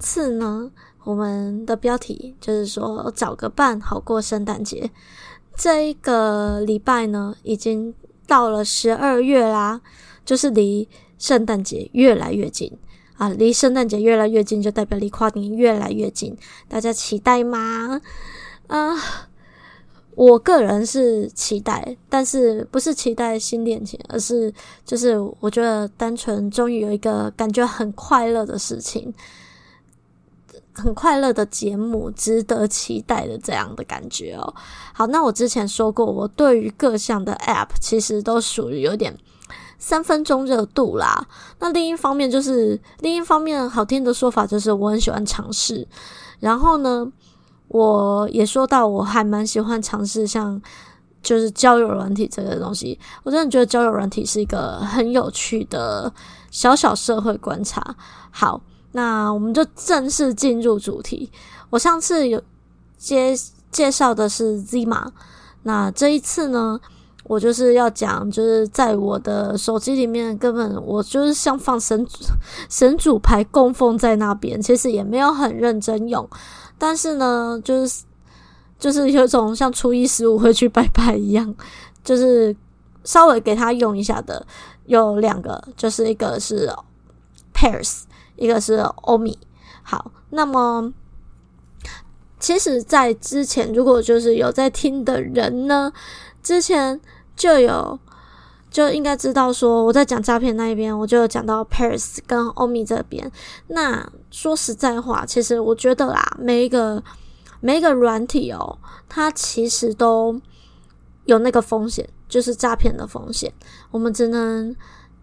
次呢，我們的標題就是說找個伴好過聖誕節。這一個禮拜呢，已經到了十二月啦，就是離聖誕節越來越近啊！離聖誕節越來越近，就代表離跨年越來越近。大家期待嗎？啊、呃，我個人是期待，但是不是期待新戀情，而是就是我覺得單純，終於有一個感覺很快樂的事情。很快樂的節目，值得期待的這樣的感覺哦。好，那我之前說過，我對於各項的 App 其實都屬於有點三分鐘熱度啦。那另一方面就是，另一方面好聽的說法就是，我很喜歡嘗試。然後呢，我也說到，我還蠻喜歡嘗試像就是交友軟體這個東西。我真的覺得交友軟體是一個很有趣的小小社會觀察。好。那我們就正式進入主題。我上次有接介介紹的是 Zima 那這一次呢，我就是要講，就是在我的手機裡面根本我就是像放神神主牌供奉在那邊，其實也沒有很認真用，但是呢，就是就是有一種像初一十五會去拜拜一樣，就是稍微給他用一下的。有兩個，就是一個是 Pairs。一個是歐米，好，那麼其實，在之前，如果就是有在聽的人呢，之前就有就應該知道說，我在講詐騙那一邊，我就有講到 Pairs 跟歐米這邊。那說實在話，其實我覺得啦，每一個每一個軟體哦、喔，它其實都有那個風險，就是詐騙的風險，我們只能。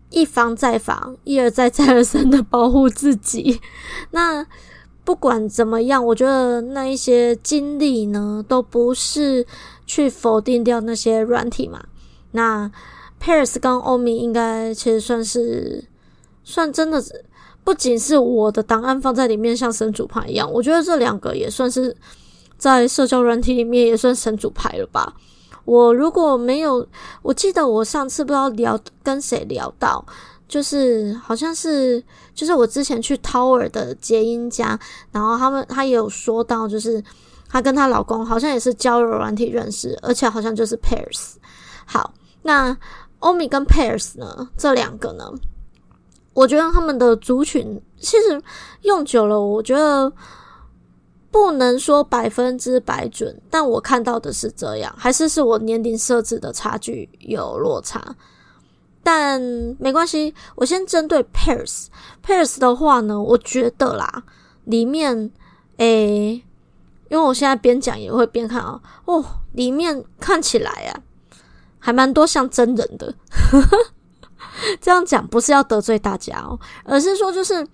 一防再防，一而再、再而三的保護自己。那不管怎麼樣，我覺得那一些經歷呢，都不是去否定掉那些軟體嘛。那 Pairs 跟歐米應該其實算是算真的是，不僅是我的檔案放在裡面，像神主牌一樣。我覺得這兩個也算是在社交軟體裡面也算神主牌了吧。我如果沒有，我記得我上次不知道聊跟誰聊到，就是好像是，就是我之前去 Tower 的結音家，然後他們他也有說到，就是他跟他老公好像也是交友軟體認識，而且好像就是 Pairs。好，那歐米跟 Pairs 呢，這兩個呢，我覺得他們的族群其實用久了，我覺得。不能說百分之百準，但我看到的是這樣，還是是我年齡設置的差距有落差？但沒關係，我先針對 Pairs，Pairs 的話呢，我覺得啦，裡面誒、欸，因為我現在邊講也會邊看啊、喔，哦、喔，裡面看起來呀、啊，還蠻多像真人的， 這樣講不是要得罪大家哦、喔，而是說就是。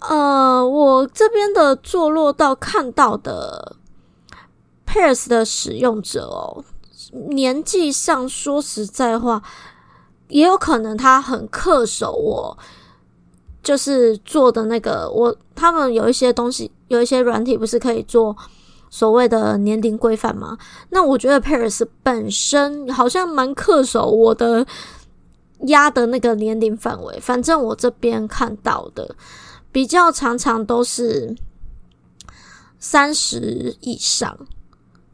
呃，我這邊的坐落到看到的 Pairs 的使用者哦，年紀上說實在話，也有可能他很恪守我，就是做的那個我，他們有一些東西，有一些軟體不是可以做所謂的年齡規範嗎？那我覺得 Pairs 本身好像蠻恪守我的壓的那個年齡範圍，反正我這邊看到的。比較常常都是三十以上，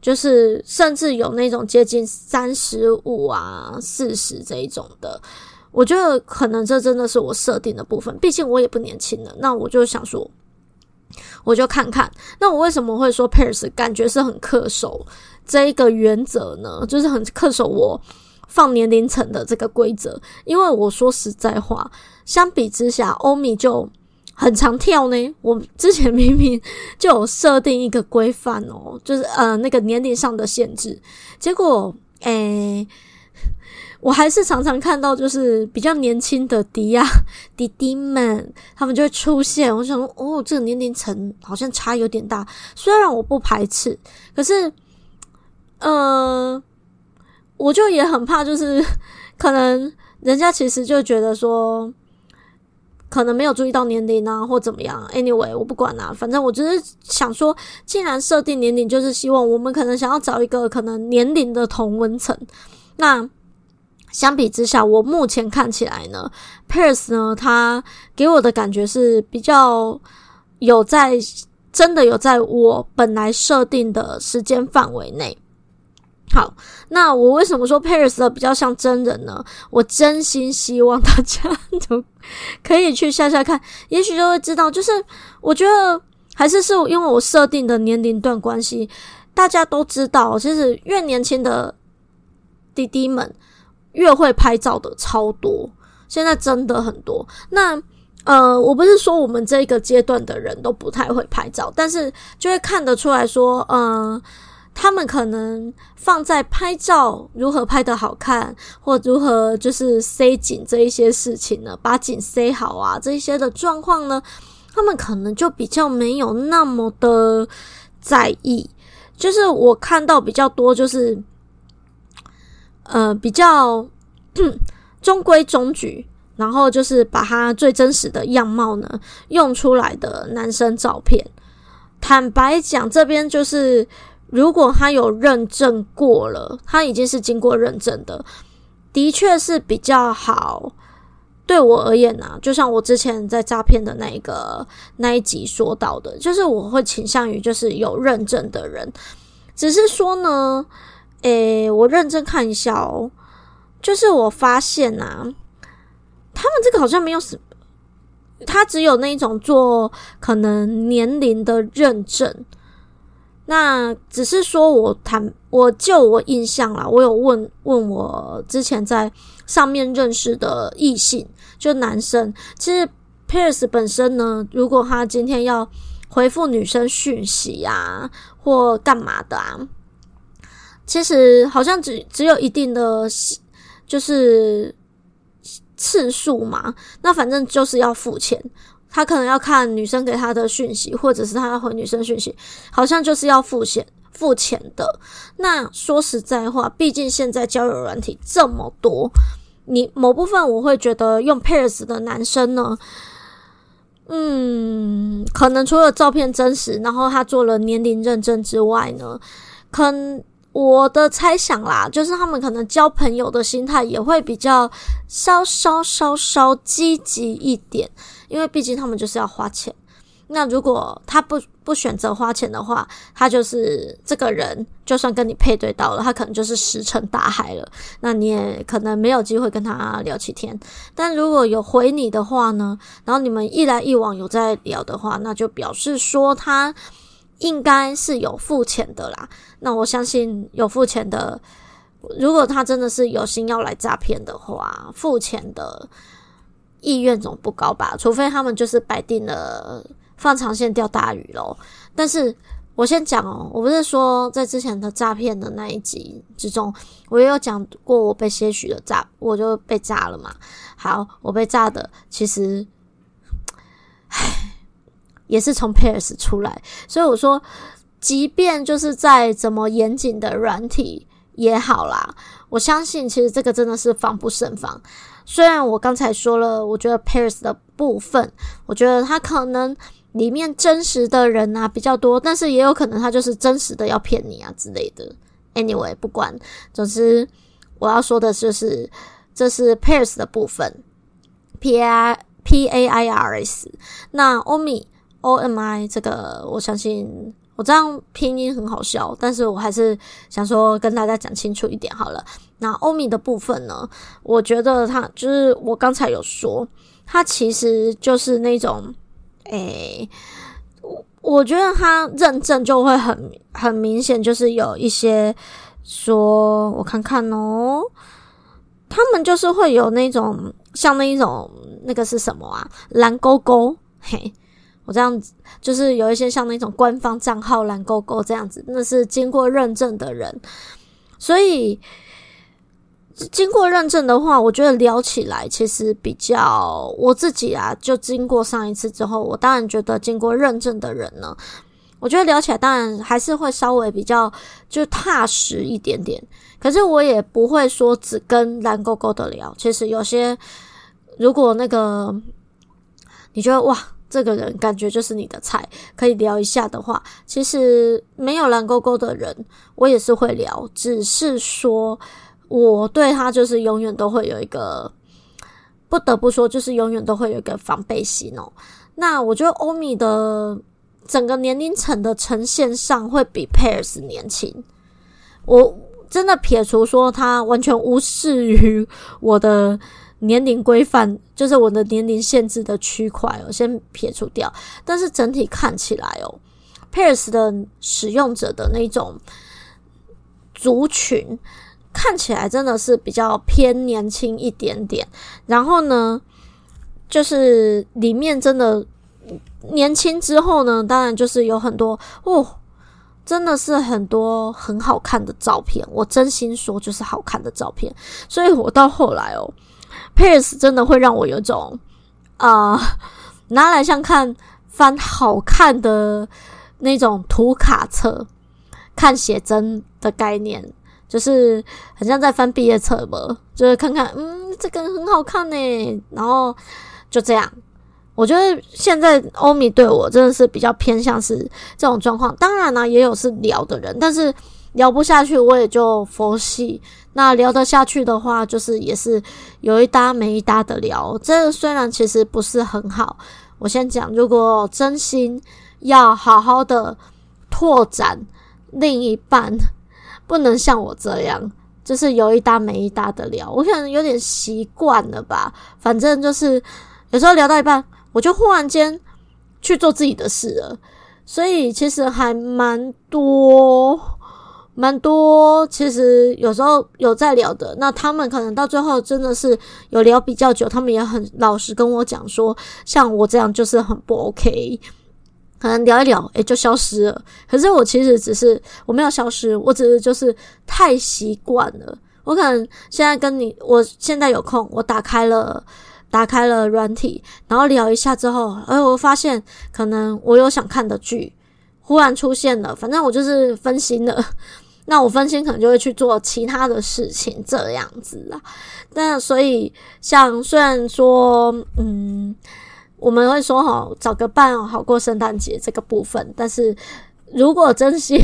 就是甚至有那種接近三十五啊、四十這一種的。我覺得可能這真的是我設定的部分，畢竟我也不年輕了。那我就想說，我就看看。那我為什麼會說 Pairs 感覺是很恪守這一個原則呢？就是很恪守我放年齡層的這個規則。因為我說實在話，相比之下，歐米就。很常跳呢，我之前明明就有設定一個規範哦，就是呃那個年齡上的限制，結果誒、欸、我還是常常看到就是比較年輕的迪亞弟弟們，他們就會出現。我想說，哦，這個年齡層好像差有點大，雖然我不排斥，可是，呃，我就也很怕，就是可能人家其實就覺得說。可能沒有注意到年齡啊，或怎麼樣？Anyway，我不管啊，反正我就是想說，既然設定年齡，就是希望我們可能想要找一個可能年齡的同溫層。那相比之下，我目前看起來呢，Pairs 呢，它給我的感覺是比較有在，真的有在我本來設定的時間範圍內。好，那我為什麼說 Pairs 的比較像真人呢？我真心希望大家都可以去下下看，也許就會知道。就是我覺得還是是因為我設定的年齡段關係，大家都知道，其實越年輕的弟弟們越會拍照的超多，現在真的很多。那呃，我不是說我們這個階段的人都不太會拍照，但是就會看得出來說，嗯、呃。他們可能放在拍照如何拍得好看，或如何就是塞緊這一些事情呢，把緊塞好啊，這些的狀況呢，他們可能就比較沒有那麼的在意。就是我看到比較多，就是呃比較中規中矩，然後就是把他最真實的樣貌呢用出來的男生照片。坦白講，這邊就是。如果他有認證過了，他已經是經過認證的，的確是比較好。對我而言啊，就像我之前在詐騙的那一個那一集說到的，就是我會傾向於就是有認證的人。只是說呢，誒，我認真看一下哦，就是我發現吶，他們這個好像沒有什麼，他只有那一種做可能年齡的認證。那只是說我談，我談，我就我印象啦，我有問問我之前在上面認識的異性，就男生。其實 Pairs 本身呢，如果他今天要回復女生訊息啊，或幹嘛的啊，其實好像只只有一定的就是次數嘛，那反正就是要付錢。他可能要看女生給他的訊息，或者是他要回女生訊息，好像就是要付錢付錢的。那說實在話，畢竟現在交友軟體這麼多，你某部分我會覺得用 Pairs 的男生呢，嗯，可能除了照片真實，然後他做了年齡認證之外呢，可我的猜想啦，就是他們可能交朋友的心態也會比較稍稍稍稍稍積極一點。因為畢竟他們就是要花錢，那如果他不不選擇花錢的話，他就是這個人，就算跟你配對到了，他可能就是石沉大海了。那你也可能沒有機會跟他聊起天。但如果有回你的話呢，然後你們一來一往有在聊的話，那就表示說他應該是有付錢的啦。那我相信有付錢的，如果他真的是有心要來詐騙的話，付錢的。意願總不高吧，除非他們就是擺定了放長線釣大魚嘍。但是我先講哦、喔，我不是說在之前的詐騙的那一集之中，我也有講過我被些許的詐，我就被詐了嘛。好，我被詐的其實，唉，也是從 Pairs 出來，所以我說，即便就是在怎麼嚴謹的軟體也好啦，我相信其實這個真的是防不勝防。雖然我剛才說了，我覺得 Pairs 的部分，我覺得他可能裡面真實的人啊比較多，但是也有可能他就是真實的要騙你啊之類的。Anyway，不管，總之我要說的就是這是 Pairs 的部分，P A I P A I R S。那 Omi O M I 這個，我相信。我這樣拼音很好笑，但是我還是想說跟大家講清楚一點好了。那歐米的部分呢？我覺得它，就是我剛才有說，它其實就是那種，誒，我我覺得它認證就會很很明顯，就是有一些說我看看哦，他們就是會有那種像那一種那個是什麼啊？藍勾勾，嘿。我這樣子就是有一些像那種官方賬號“藍勾勾”這樣子，那是經過認證的人。所以經過認證的話，我覺得聊起來其實比較我自己啊。就經過上一次之後，我當然覺得經過認證的人呢，我覺得聊起來當然還是會稍微比較就踏實一點點。可是我也不會說只跟“藍勾勾”的聊，其實有些如果那個你覺得哇。這個人感覺就是你的菜，可以聊一下的話，其實沒有藍勾勾的人，我也是會聊，只是說我對他就是永遠都會有一個不得不說，就是永遠都會有一個防備心哦。那我覺得歐米的整個年齡層的呈現上會比 Pairs 年輕，我真的撇除說他完全無視於我的。年齡規範就是我的年齡限制的區塊哦，我先撇除掉。但是整體看起來哦，Pairs 的使用者的那種族群看起來真的是比較偏年輕一點點。然後呢，就是裡面真的年輕之後呢，當然就是有很多哦，真的是很多很好看的照片。我真心說，就是好看的照片。所以我到後來哦。Pairs 真的會讓我有種，啊、呃，拿來像看翻好看的那種圖卡冊，看寫真的概念，就是很像在翻畢業冊吧，就是看看，嗯，這個很好看欸，然後就這樣。我覺得現在歐米對我真的是比較偏向是這種狀況，當然呢、啊，也有是聊的人，但是聊不下去，我也就佛系。那聊得下去的話，就是也是有一搭沒一搭的聊，這雖然其實不是很好。我先講，如果真心要好好的拓展另一半，不能像我這樣，就是有一搭沒一搭的聊。我可能有點習慣了吧，反正就是有時候聊到一半，我就忽然間去做自己的事了，所以其實還蠻多。蠻多，其實有時候有在聊的。那他們可能到最後真的是有聊比較久，他們也很老實跟我講說，像我這樣就是很不 OK。可能聊一聊，也、欸、就消失了。可是我其實只是我沒有消失，我只是就是太習慣了。我可能現在跟你，我現在有空，我打開了打開了軟體，然後聊一下之後，哎、欸，我發現可能我有想看的劇忽然出現了，反正我就是分心了。那我分心可能就會去做其他的事情，這樣子啊。那所以，像雖然說，嗯，我們會說哈，找個伴好過聖誕節這個部分，但是如果真心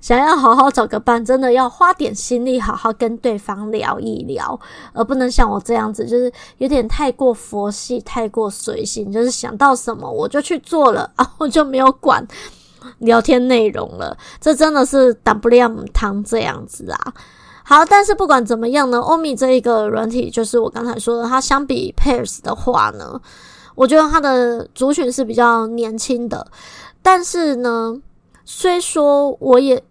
想要好好找個伴，真的要花點心力好好跟對方聊一聊，而不能像我這樣子，就是有點太過佛系、太過隨性，就是想到什麼我就去做了，然後啊，我就沒有管聊天內容了，這真的是打不亮堂這樣子啊！好，但是不管怎麼樣呢，歐米這一個軟體，就是我剛才說的，它相比 Pairs 的話呢，我覺得它的族群是比較年輕的。但是呢，雖說我也，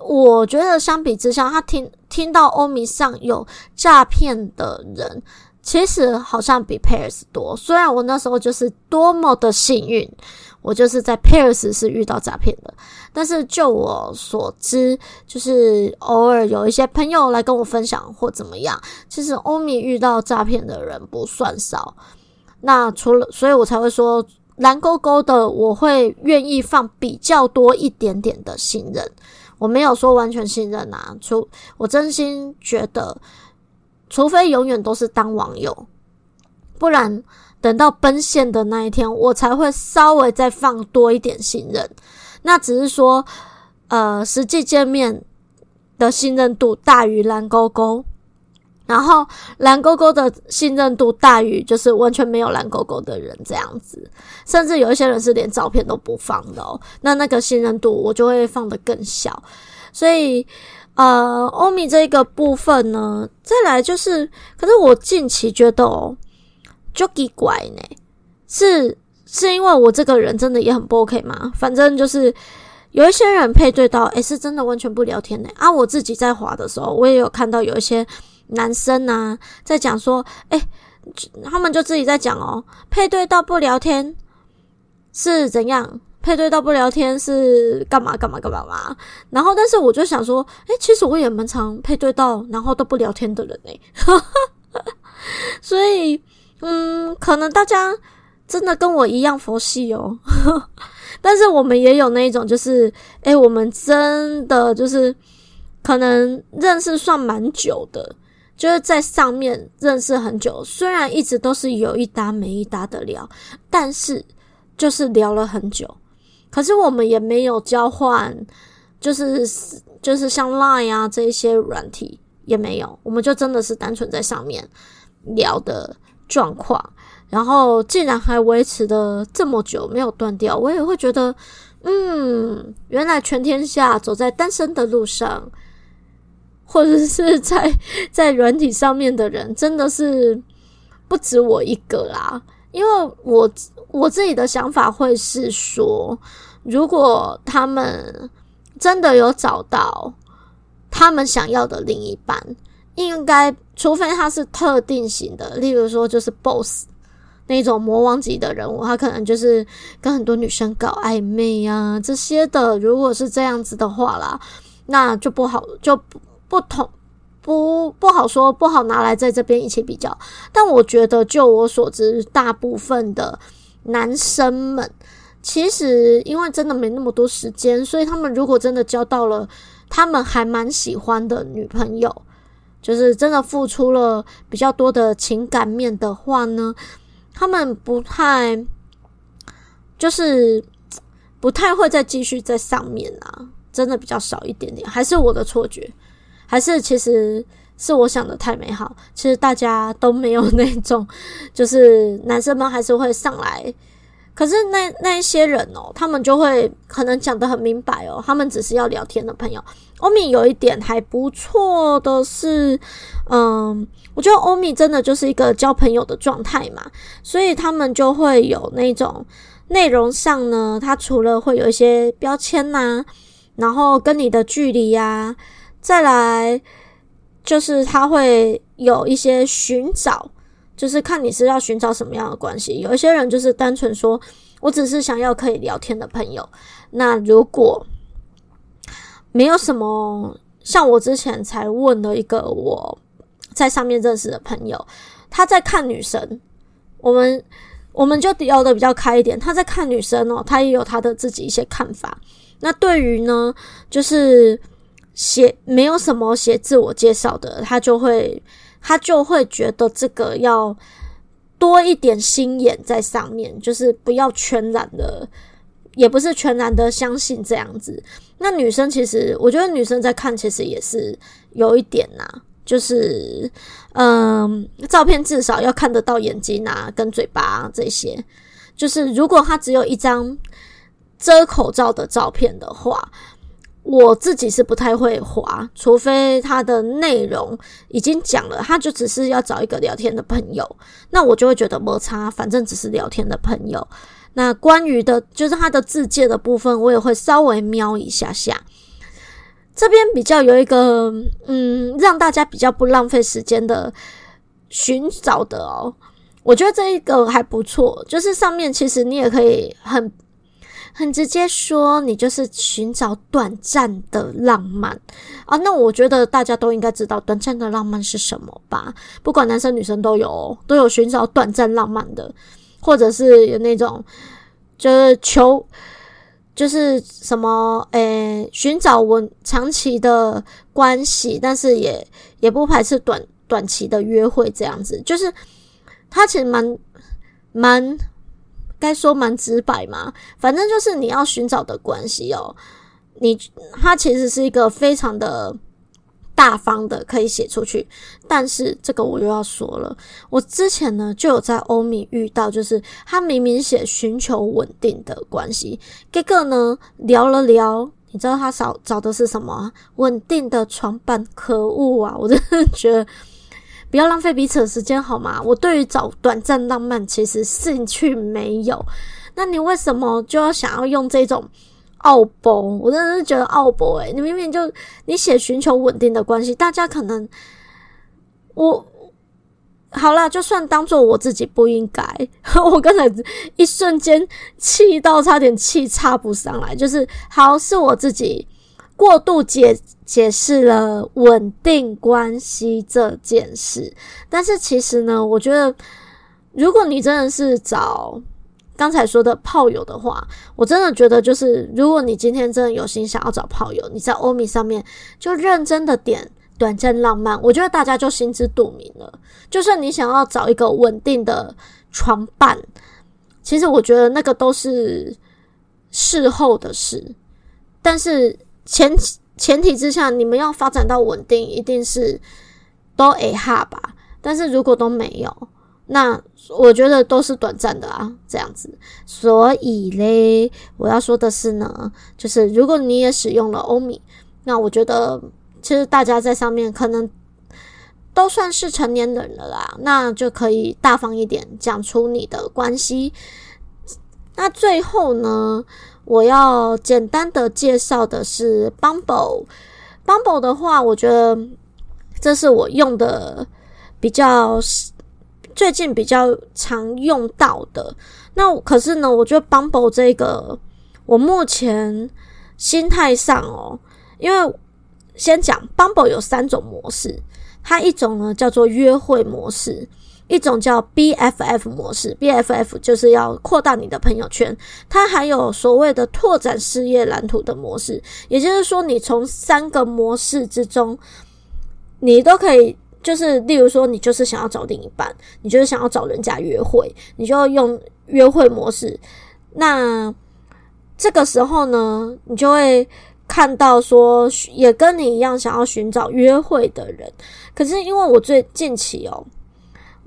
我覺得相比之下，他聽聽到歐米上有詐騙的人，其實好像比 Pairs 多。雖然我那時候就是多麼的幸運。我就是在 Pairs 是遇到詐騙的，但是就我所知，就是偶爾有一些朋友來跟我分享或怎麼樣，其實歐米遇到詐騙的人不算少。那除了，所以我才會說藍勾勾的，我會願意放比較多一點點的信任。我沒有說完全信任啊，除我真心覺得，除非永遠都是當網友，不然。等到奔現的那一天，我才會稍微再放多一點信任。那只是說，呃，實際見面的信任度大於藍勾勾，然後藍勾勾的信任度大於就是完全沒有藍勾勾的人這樣子。甚至有一些人是連照片都不放的哦，那那個信任度我就會放得更小。所以，呃，歐米這一個部分呢，再來就是，可是我近期覺得哦。就奇怪呢、欸，是是因為我這個人真的也很不 OK 嗎？反正就是有一些人配對到，哎、欸，是真的完全不聊天呢、欸。啊，我自己在滑的時候，我也有看到有一些男生啊，在講說，哎、欸，他們就自己在講哦、喔，配對到不聊天是怎樣？配對到不聊天是幹嘛幹嘛幹嘛嘛。然後，但是我就想說，哎、欸，其實我也蠻常配對到然後都不聊天的人呢、欸， 所以。嗯，可能大家真的跟我一樣佛系哦， 但是我們也有那一種，就是哎、欸，我們真的就是可能認識算蠻久的，就是在上面認識很久，雖然一直都是有一搭沒一搭的聊，但是就是聊了很久，可是我們也沒有交換、就是，就是就是像 Line 啊這一些軟體也沒有，我們就真的是單純在上面聊的。狀況，然後竟然還維持的這麼久沒有斷掉，我也會覺得，嗯，原來全天下走在單身的路上，或者是在在軟體上面的人，真的是不止我一個啦。因為我我自己的想法會是說，如果他們真的有找到他們想要的另一半。應該，除非他是特定型的，例如說就是 boss 那種魔王級的人物，他可能就是跟很多女生搞曖昧啊這些的。如果是這樣子的話啦，那就不好，就不同不不，不好說，不好拿來在這邊一起比較。但我覺得，就我所知，大部分的男生們其實因為真的沒那麼多時間，所以他們如果真的交到了他們還蠻喜歡的女朋友。就是真的付出了比較多的情感面的話呢，他們不太，就是不太會再繼續在上面啊，真的比較少一點點，還是我的錯覺？還是其實是我想的太美好，其實大家都沒有那種，就是男生們還是會上來。可是那那一些人喔，他們就會可能講得很明白喔，他們只是要聊天的朋友。歐米有一點還不錯的是，嗯，我覺得歐米真的就是一個交朋友的狀態嘛，所以他們就會有那種內容上呢，他除了會有一些標籤啊，然後跟你的距離啊，再來就是他會有一些尋找。就是看你是要尋找什麼樣的關係，有一些人就是單純說，我只是想要可以聊天的朋友。那如果沒有什麼，像我之前才問了一個我在上面認識的朋友，他在看女生，我們我們就聊得比較開一點。他在看女生哦，喔，他也有他的自己一些看法。那對於呢，就是寫沒有什麼寫自我介紹的，他就會。他就會覺得這個要多一點心眼在上面，就是不要全然的，也不是全然的相信這樣子。那女生其實，我覺得女生在看其實也是有一點啦，啊，就是嗯，照片至少要看得到眼睛啊，跟嘴巴啊，這些。就是如果他只有一張遮口罩的照片的話。我自己是不太會滑，除非它的內容已經講了，他就只是要找一個聊天的朋友，那我就會覺得沒差，反正只是聊天的朋友。那關於的就是它的自介的部分，我也會稍微瞄一下下。這邊比較有一個，嗯，讓大家比較不浪費時間的尋找的哦、喔，我覺得這一個還不錯。就是上面其實你也可以很。很直接說，你就是尋找短暫的浪漫啊！那我覺得大家都應該知道短暫的浪漫是什麼吧？不管男生女生都有，都有尋找短暫浪漫的，或者是有那種就是求，就是什麼呃，欸，尋找我長期的關係，但是也也不排斥短短期的約會這樣子。就是他其實蠻蠻。蠻該說蠻直白嘛，反正就是你要尋找的關係哦。你他其實是一個非常的大方的，可以寫出去。但是這個我又要說了，我之前呢就有在歐米遇到，就是他明明寫尋求穩定的關係，結果呢聊了聊，你知道他找找的是什麼啊？穩定的床伴。可惡啊，我真的覺得。不要浪費彼此的時間，好嗎？我對於找短暫浪漫，其實興趣沒有。那你為什麼就要想要用這種奧博？我真的是覺得奧博誒，你明明就，你寫尋求穩定的關係，大家可能，我好啦，就算當做我自己不應該。我剛才一瞬間氣到差點氣插不上來，就是好，是我自己。過度解解釋了穩定關係這件事，但是其實呢，我覺得如果你真的是找剛才說的炮友的話，我真的覺得就是如果你今天真的有心想要找炮友，你在歐米上面就認真的點短暫浪漫，我覺得大家就心知肚明了。就算你想要找一個穩定的床伴，其實我覺得那個都是事後的事，但是。前前提之下，你們要發展到穩定，一定是都 A 哈吧。但是如果都沒有，那我覺得都是短暫的啊，這樣子。所以嘞，我要說的是呢，就是如果你也使用了歐米，那我覺得其實大家在上面可能都算是成年人了啦，那就可以大方一點講出你的關係。那最後呢？我要簡單的介紹的是 Bumble，Bumble 的話，我覺得這是我用的比較最近比較常用到的。那可是呢，我覺得 Bumble 這個我目前心態上哦、喔，因為先講 Bumble 有三種模式，它一種呢叫做約會模式。一種叫 BFF 模式，BFF 就是要擴大你的朋友圈。它還有所謂的拓展事業藍圖的模式，也就是說，你從三個模式之中，你都可以，就是例如說，你就是想要找另一半，你就是想要找人家約會，你就用約會模式。那這個時候呢，你就會看到說，也跟你一樣想要尋找約會的人。可是因為我最近期哦、喔。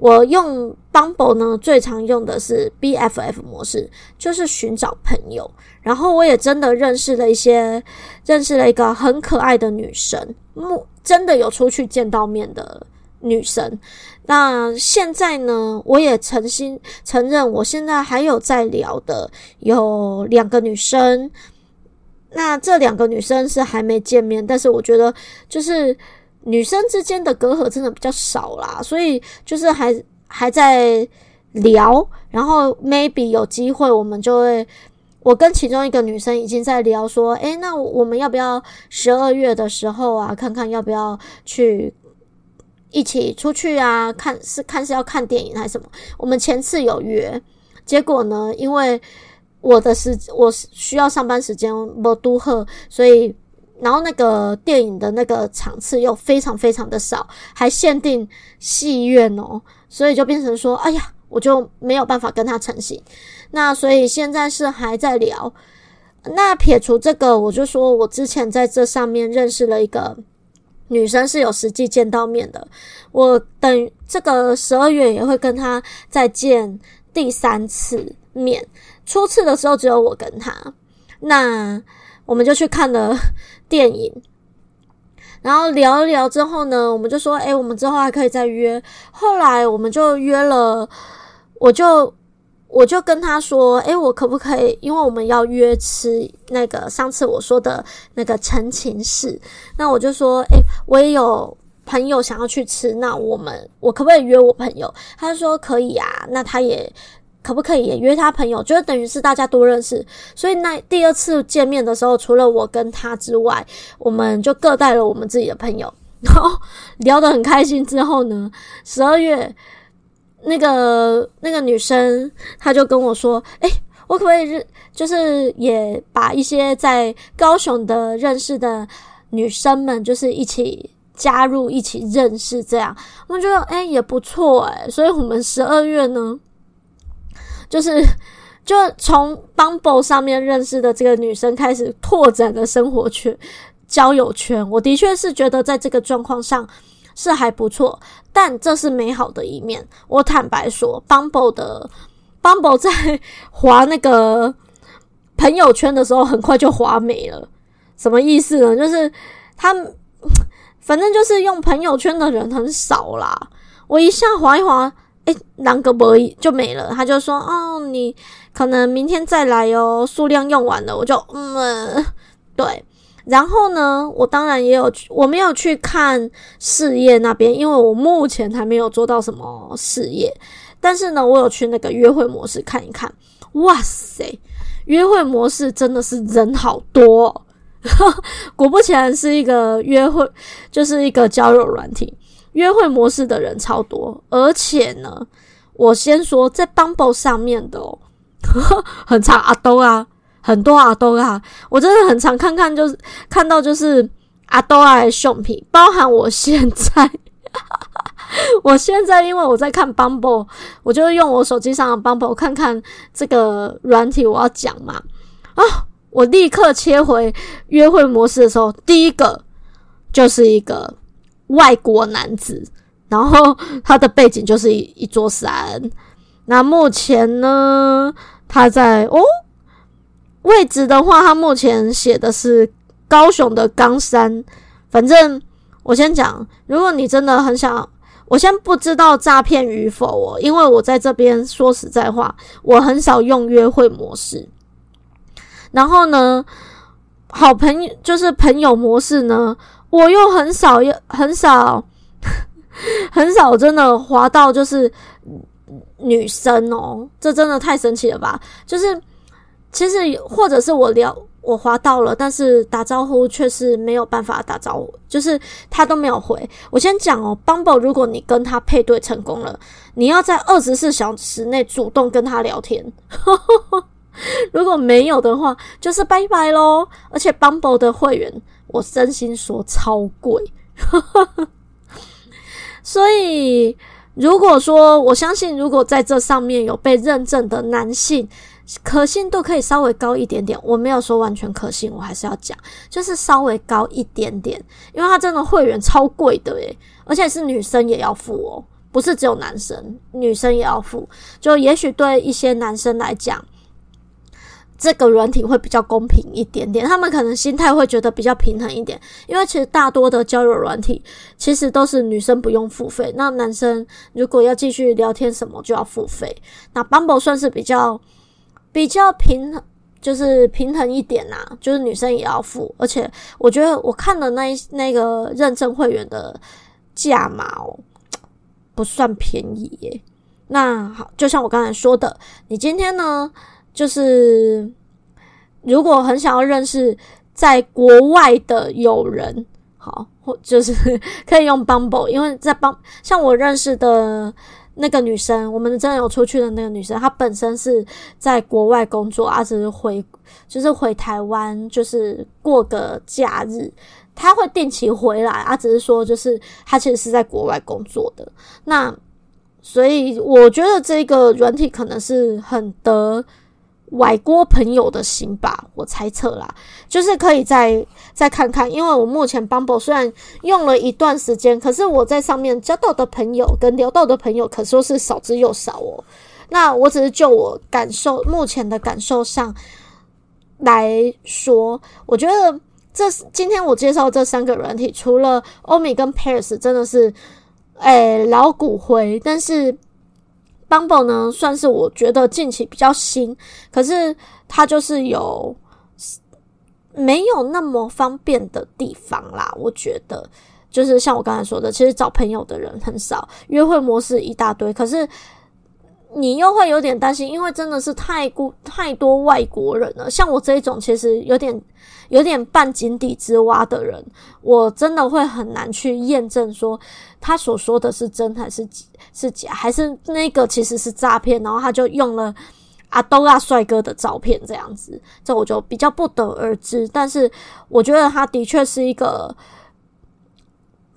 我用 Bumble 呢，最常用的是 BFF 模式，就是尋找朋友。然後我也真的認識了一些，認識了一個很可愛的女生，真的有出去見到面的女生。那現在呢，我也誠心承認，我現在還有在聊的有兩個女生。那這兩個女生是還沒見面，但是我覺得就是。女生之間的隔閡真的比較少啦，所以就是還還在聊，然後 maybe 有機會我們就會，我跟其中一個女生已經在聊說，誒、欸，那我們要不要十二月的時候啊，看看要不要去一起出去啊？看是看是要看電影還是什麼？我們前次有約，結果呢，因為我的時我需要上班時間不太好，所以。然後那個電影的那個場次又非常非常的少，還限定戲院哦，所以就變成說，哎呀，我就沒有辦法跟他成行。那所以現在是還在聊。那撇除這個，我就說我之前在這上面認識了一個女生，是有實際見到面的。我等這個十二月也會跟他再見第三次面。初次的時候只有我跟他，那我們就去看了。電影，然後聊一聊之後呢，我們就說：“誒、欸，我們之後還可以再約。”後來我們就約了，我就我就跟他說：“誒、欸，我可不可以？因為我們要約吃那個上次我說的那個陳情事。”那我就說：“誒、欸，我也有朋友想要去吃，那我們我可不可以約我朋友？”他說：“可以啊。”那他也。可不可以也約他朋友？就等於是大家多認識，所以那第二次見面的時候，除了我跟他之外，我們就各帶了我們自己的朋友，然後聊得很開心。之後呢，十二月那個那個女生，她就跟我說：“哎、欸，我可不可以就是也把一些在高雄的認識的女生們，就是一起加入，一起認識這樣？”我們覺得哎也不錯哎，所以我們十二月呢。就是，就從 Bumble 上面認識的這個女生開始拓展了生活圈、交友圈。我的確是覺得在這個狀況上是還不錯，但這是美好的一面。我坦白說，Bumble 的 Bumble 在滑那個朋友圈的時候很快就滑沒了。什麼意思呢？就是他反正就是用朋友圈的人很少啦。我一下滑一滑。誒，兩個不就沒了。他就說：“哦，你可能明天再來哦，數量用完了，我就嗯，對。”然後呢，我當然也有，我沒有去看事業那邊，因為我目前還沒有做到什麼事業。但是呢，我有去那個約會模式看一看。哇塞，約會模式真的是人好多哦。 果不其然，是一個約會，就是一個交友軟體。約會模式的人超多，而且呢，我先說在 Bumble 上面的哦，呵呵很常，阿兜啊，啊啊很多阿兜啊，啊啊我真的很常看看，就是看到就是阿兜的胸品，包含我現在，哈哈哈，我現在因為我在看 Bumble，我就是用我手機上的 Bumble 看看這個軟體，我要講嘛，啊、哦，我立刻切回約會模式的時候，第一個就是一個。外國男子，然後他的背景就是一一座山。那目前呢，他在哦位置的話，他目前寫的是高雄的岡山。反正我先講，如果你真的很想，我先不知道詐騙與否哦，因為我在這邊說實在話，我很少用約會模式。然後呢，好朋友就是朋友模式呢。我又很少，又很少，很少，很少真的滑到就是女生哦，這真的太神奇了吧！就是其實或者是我聊我滑到了，但是打招呼卻是沒有辦法打招呼，就是他都沒有回。我先講哦，Bumble 如果你跟他配對成功了，你要在二十四小時內主動跟他聊天。 如果沒有的話，就是拜拜嘍。而且 Bumble 的會員，我真心說超貴， 所以如果說我相信，如果在這上面有被認證的男性，可信度可以稍微高一點點。我沒有說完全可信，我還是要講，就是稍微高一點點，因為它真的會員超貴的耶、欸，而且是女生也要付哦、喔，不是只有男生，女生也要付。就也許對一些男生來講。這個軟體會比較公平一點點，他們可能心態會覺得比較平衡一點，因為其實大多的交友軟體其實都是女生不用付費，那男生如果要繼續聊天什麼就要付費。那 Bumble 算是比較比較平衡，就是平衡一點啦、啊，就是女生也要付，而且我覺得我看的那那個認證會員的價碼哦不算便宜耶。那好，就像我剛才說的，你今天呢？就是如果很想要認識在國外的友人，好，或就是可以用 Bumble，因為在 Bumble 像我認識的那個女生，我們真的有出去的那個女生，她本身是在國外工作，她、啊、只是回就是回台灣，就是過個假日，她會定期回來，她、啊、只是說就是她其實是在國外工作的，那所以我覺得這個軟體可能是很得。外國朋友的心吧，我猜測啦，就是可以再再看看。因為我目前 Bumble 雖然用了一段時間，可是我在上面交到的朋友跟聊到的朋友，可說是少之又少哦、喔。那我只是就我感受，目前的感受上來說，我覺得這今天我介紹這三個軟體，除了歐米跟 Pairs 真的是，誒、欸、老骨灰，但是。Bumble 呢，算是我覺得近期比較新，可是它就是有沒有那麼方便的地方啦。我覺得就是像我剛才說的，其實找朋友的人很少，約會模式一大堆，可是。你又會有點擔心，因為真的是太過太多外國人了。像我這一種，其實有點有點半井底之蛙的人，我真的會很難去驗證說他所說的是真還是是假，還是那個其實是詐騙，然後他就用了阿都亞帥哥的照片這樣子，這我就比較不得而知。但是我覺得他的確是一個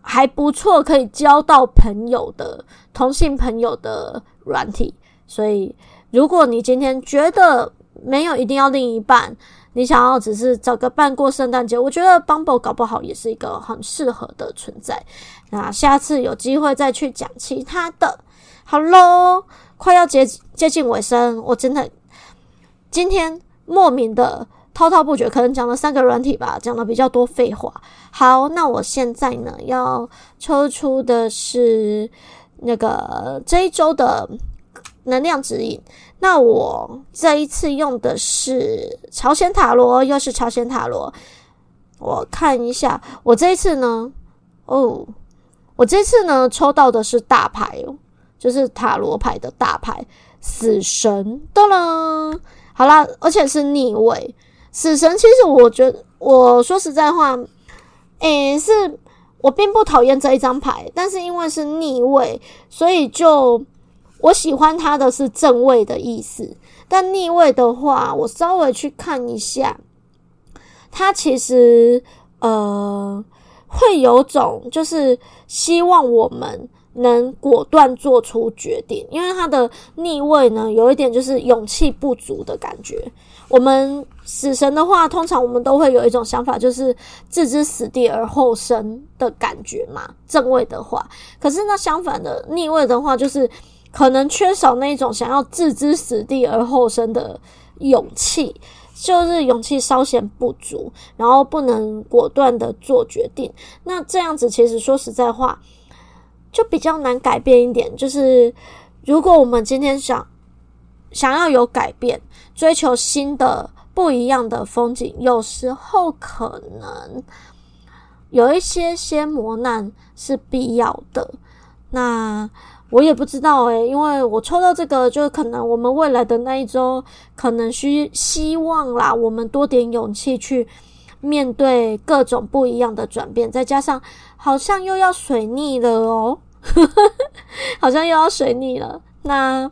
還不錯，可以交到朋友的同性朋友的軟體。所以，如果你今天覺得沒有一定要另一半，你想要只是找個伴過聖誕節，我覺得 Bumble 搞不好也是一個很適合的存在。那下次有機會再去講其他的。好嘍，快要接接近尾聲，我真的今天莫名的滔滔不絕，可能講了三個軟體吧，講了比較多廢話。好，那我現在呢要抽出的是那個這一周的。能量指引。那我這一次用的是朝鮮塔羅，又是朝鮮塔羅。我看一下，我這一次呢，哦，我這一次呢抽到的是大牌哦，就是塔羅牌的大牌，死神。對啦，好啦，而且是逆位死神。其實我覺得，我說實在話，誒、欸，是我並不討厭這一張牌，但是因為是逆位，所以就。我喜歡他的是正位的意思，但逆位的話，我稍微去看一下，他其實呃會有種就是希望我們能果斷做出決定，因為他的逆位呢，有一點就是勇氣不足的感覺。我們死神的話，通常我們都會有一種想法，就是置之死地而後生的感覺嘛。正位的話，可是那相反的逆位的話，就是。可能缺少那種想要置之死地而後生的勇氣，就是勇氣稍顯不足，然後不能果斷的做決定。那這樣子其實說實在話，就比較難改變一點。就是如果我們今天想想要有改變，追求新的不一樣的風景，有時候可能有一些些磨難是必要的。那。我也不知道欸，因為我抽到這個，就可能我們未來的那一周，可能需希望啦，我們多點勇氣去面對各種不一樣的轉變，再加上好像又要水逆了喔， 好像又要水逆了。那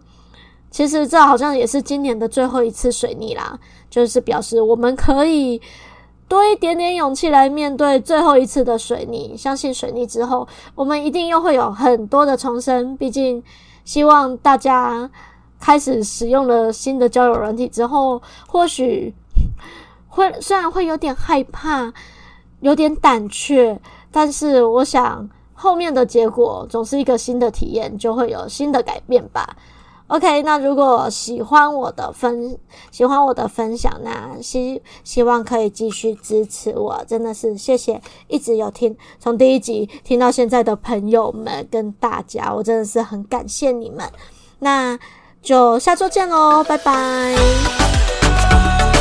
其實這好像也是今年的最後一次水逆啦，就是表示我們可以。多一點點勇氣來面對最後一次的水逆，相信水逆之後，我們一定又會有很多的重生。畢竟，希望大家開始使用了新的交友軟體之後，或許會雖然會有點害怕，有點膽怯，但是我想後面的結果總是一個新的體驗，就會有新的改變吧。OK，那如果喜歡我的分，喜歡我的分享，那希希望可以繼續支持我，真的是謝謝，一直有聽，從第一集聽到現在的朋友們跟大家，我真的是很感謝你們。那就下周見嘍，拜拜。